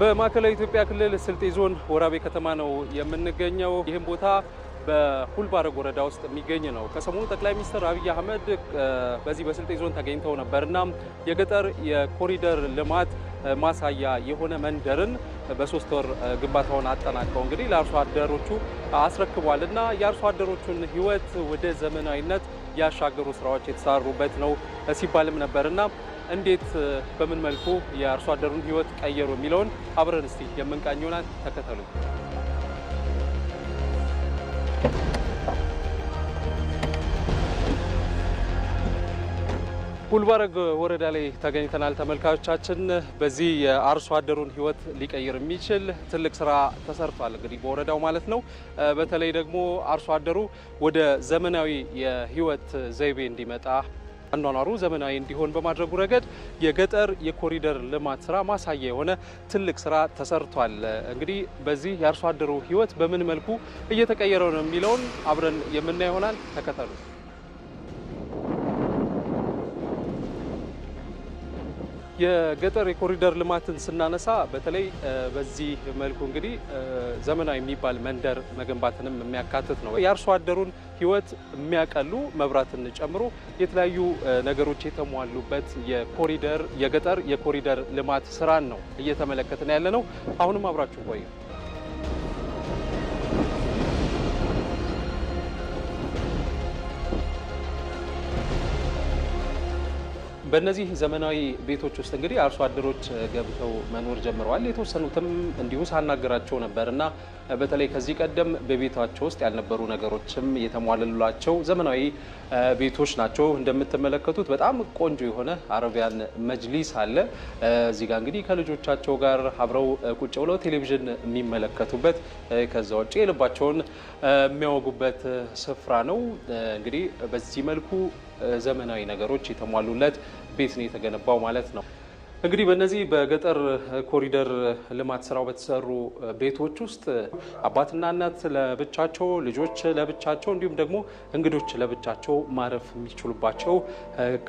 በማዕከላዊ ኢትዮጵያ ክልል ስልጤ ዞን ወራቤ ከተማ ነው የምንገኘው። ይህም ቦታ በሁልባራግ ወረዳ ውስጥ የሚገኝ ነው። ከሰሞኑ ጠቅላይ ሚኒስትር አብይ አህመድ በዚህ በስልጤ ዞን ተገኝተው ነበር እና የገጠር የኮሪደር ልማት ማሳያ የሆነ መንደርን በሶስት ወር ግንባታውን አጠናቀው እንግዲህ ለአርሶ አደሮቹ አስረክቧል እና የአርሶ አደሮቹን ሕይወት ወደ ዘመናዊነት ያሻገሩ ስራዎች የተሰሩበት ነው ሲባልም ነበር እና እንዴት በምን መልኩ የአርሶ አደሩን ህይወት ቀየሩ የሚለውን አብረን እስቲ የምንቃኝ ይሆናል። ተከተሉ። ጉልባረግ ወረዳ ላይ ተገኝተናል። ተመልካቾቻችን በዚህ የአርሶ አደሩን ህይወት ሊቀይር የሚችል ትልቅ ስራ ተሰርቷል፣ እንግዲህ በወረዳው ማለት ነው። በተለይ ደግሞ አርሶ አደሩ ወደ ዘመናዊ የህይወት ዘይቤ እንዲመጣ አኗኗሩ ዘመናዊ እንዲሆን በማድረጉ ረገድ የገጠር የኮሪደር ልማት ስራ ማሳያ የሆነ ትልቅ ስራ ተሰርቷል። እንግዲህ በዚህ የአርሶ አደሩ ህይወት በምን መልኩ እየተቀየረ ነው የሚለውን አብረን የምናይ ይሆናል። ተከተሉ። የገጠር የኮሪደር ልማትን ስናነሳ በተለይ በዚህ መልኩ እንግዲህ ዘመናዊ የሚባል መንደር መገንባትንም የሚያካትት ነው። የአርሶ አደሩን ሕይወት የሚያቀሉ መብራትን ጨምሮ የተለያዩ ነገሮች የተሟሉበት የኮሪደር የገጠር የኮሪደር ልማት ስራን ነው እየተመለከትን ያለ ነው። አሁንም አብራችሁ ቆዩ። በእነዚህ ዘመናዊ ቤቶች ውስጥ እንግዲህ አርሶ አደሮች ገብተው መኖር ጀምረዋል። የተወሰኑትም እንዲሁ ሳናገራቸው ነበር እና በተለይ ከዚህ ቀደም በቤታቸው ውስጥ ያልነበሩ ነገሮችም የተሟለሉላቸው ዘመናዊ ቤቶች ናቸው። እንደምትመለከቱት በጣም ቆንጆ የሆነ አረቢያን መጅሊስ አለ። እዚህ ጋር እንግዲህ ከልጆቻቸው ጋር አብረው ቁጭ ብለው ቴሌቪዥን የሚመለከቱበት ከዛ ውጭ የልባቸውን የሚያወጉበት ስፍራ ነው። እንግዲህ በዚህ መልኩ ዘመናዊ ነገሮች የተሟሉለት ቤት ነው የተገነባው ማለት ነው። እንግዲህ በእነዚህ በገጠር ኮሪደር ልማት ስራው በተሰሩ ቤቶች ውስጥ አባትና እናት ለብቻቸው፣ ልጆች ለብቻቸው፣ እንዲሁም ደግሞ እንግዶች ለብቻቸው ማረፍ የሚችሉባቸው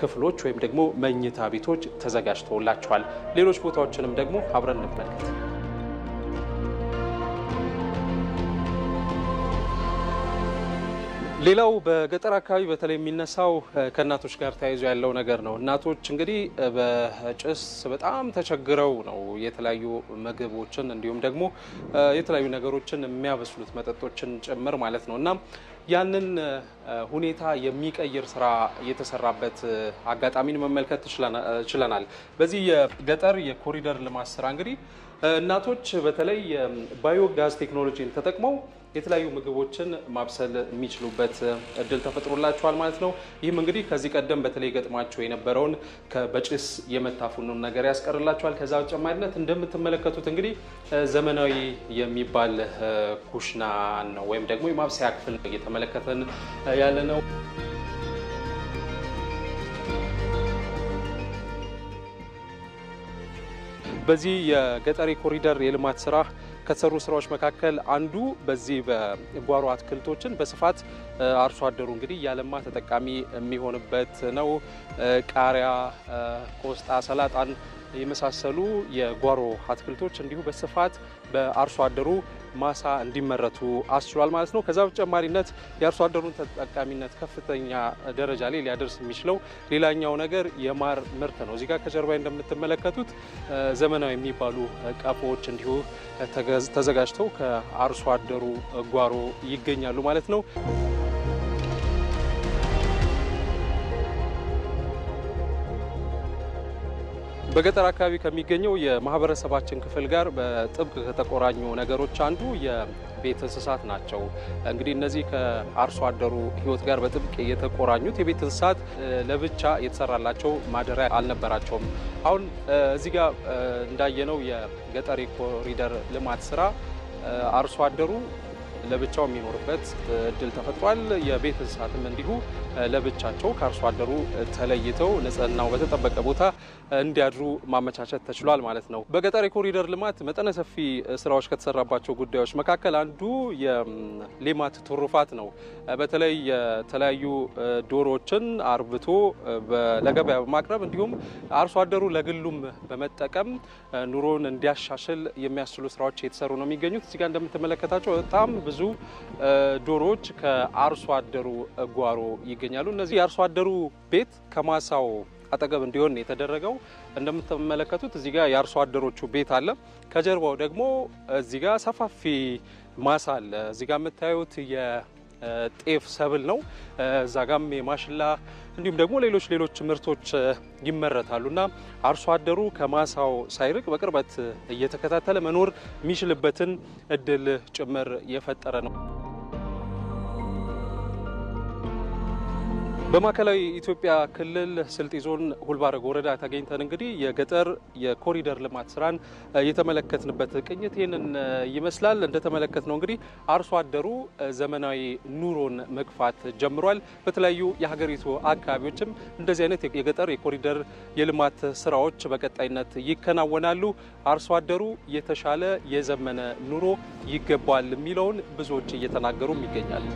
ክፍሎች ወይም ደግሞ መኝታ ቤቶች ተዘጋጅተውላቸዋል። ሌሎች ቦታዎችንም ደግሞ አብረን እንመልከት። ሌላው በገጠር አካባቢ በተለይ የሚነሳው ከእናቶች ጋር ተያይዞ ያለው ነገር ነው። እናቶች እንግዲህ በጭስ በጣም ተቸግረው ነው የተለያዩ ምግቦችን እንዲሁም ደግሞ የተለያዩ ነገሮችን የሚያበስሉት መጠጦችን ጭምር ማለት ነው እና ያንን ሁኔታ የሚቀይር ስራ የተሰራበት አጋጣሚን መመልከት ችለናል። በዚህ የገጠር የኮሪደር ልማት ስራ እንግዲህ እናቶች በተለይ ባዮጋዝ ቴክኖሎጂን ተጠቅመው የተለያዩ ምግቦችን ማብሰል የሚችሉበት እድል ተፈጥሮላቸዋል ማለት ነው። ይህም እንግዲህ ከዚህ ቀደም በተለይ ገጥማቸው የነበረውን በጭስ የመታፈኑን ነገር ያስቀርላቸዋል። ከዛ በተጨማሪነት እንደምትመለከቱት እንግዲህ ዘመናዊ የሚባል ኩሽና ነው ወይም ደግሞ የማብሰያ ክፍል እየተመለከተን ያለ ነው። በዚህ የገጠር ኮሪደር የልማት ስራ ከተሰሩ ስራዎች መካከል አንዱ በዚህ በጓሮ አትክልቶችን በስፋት አርሶ አደሩ እንግዲህ ያለማ ተጠቃሚ የሚሆንበት ነው። ቃሪያ፣ ቆስጣ፣ ሰላጣን የመሳሰሉ የጓሮ አትክልቶች እንዲሁ በስፋት በአርሶ አደሩ ማሳ እንዲመረቱ አስችሏል ማለት ነው። ከዛ በተጨማሪነት የአርሶ አደሩን ተጠቃሚነት ከፍተኛ ደረጃ ላይ ሊያደርስ የሚችለው ሌላኛው ነገር የማር ምርት ነው። እዚጋ ከጀርባ እንደምትመለከቱት ዘመናዊ የሚባሉ ቀፎዎች እንዲሁ ተዘጋጅተው ከአርሶ አደሩ ጓሮ ይገኛሉ ማለት ነው። በገጠር አካባቢ ከሚገኘው የማህበረሰባችን ክፍል ጋር በጥብቅ ከተቆራኙ ነገሮች አንዱ የቤት እንስሳት ናቸው። እንግዲህ እነዚህ ከአርሶ አደሩ ሕይወት ጋር በጥብቅ የተቆራኙት የቤት እንስሳት ለብቻ የተሰራላቸው ማደሪያ አልነበራቸውም። አሁን እዚህ ጋር እንዳየነው የገጠር የኮሪደር ልማት ስራ አርሶ አደሩ ለብቻው የሚኖርበት እድል ተፈጥሯል። የቤት እንስሳትም እንዲሁ ለብቻቸው ከአርሶ አደሩ ተለይተው ንጽህናው በተጠበቀ ቦታ እንዲያድሩ ማመቻቸት ተችሏል ማለት ነው። በገጠር የኮሪደር ልማት መጠነ ሰፊ ስራዎች ከተሰራባቸው ጉዳዮች መካከል አንዱ የሌማት ትሩፋት ነው። በተለይ የተለያዩ ዶሮዎችን አርብቶ ለገበያ በማቅረብ እንዲሁም አርሶ አደሩ ለግሉም በመጠቀም ኑሮን እንዲያሻሽል የሚያስችሉ ስራዎች የተሰሩ ነው የሚገኙት። እዚጋ እንደምትመለከታቸው በጣም ብዙ ዶሮዎች ከአርሶ አደሩ ጓሮ ይገኛሉ። እነዚህ የአርሶ አደሩ ቤት ከማሳው አጠገብ እንዲሆን የተደረገው። እንደምትመለከቱት እዚህ ጋር የአርሶ አደሮቹ ቤት አለ። ከጀርባው ደግሞ እዚህ ጋር ሰፋፊ ማሳ አለ። እዚህ ጋር የምታዩት ጤፍ ሰብል ነው። እዛ ጋም የማሽላ እንዲሁም ደግሞ ሌሎች ሌሎች ምርቶች ይመረታሉ እና አርሶ አደሩ ከማሳው ሳይርቅ በቅርበት እየተከታተለ መኖር የሚችልበትን እድል ጭምር የፈጠረ ነው። በማዕከላዊ ኢትዮጵያ ክልል ስልጤ ዞን ሁልባራግ ወረዳ ተገኝተን እንግዲህ የገጠር የኮሪደር ልማት ስራን የተመለከትንበት ቅኝት ይህንን ይመስላል። እንደተመለከትነው እንግዲህ አርሶ አደሩ ዘመናዊ ኑሮን መግፋት ጀምሯል። በተለያዩ የሀገሪቱ አካባቢዎችም እንደዚህ አይነት የገጠር የኮሪደር የልማት ስራዎች በቀጣይነት ይከናወናሉ። አርሶ አደሩ የተሻለ የዘመነ ኑሮ ይገባል የሚለውን ብዙዎች እየተናገሩም ይገኛል።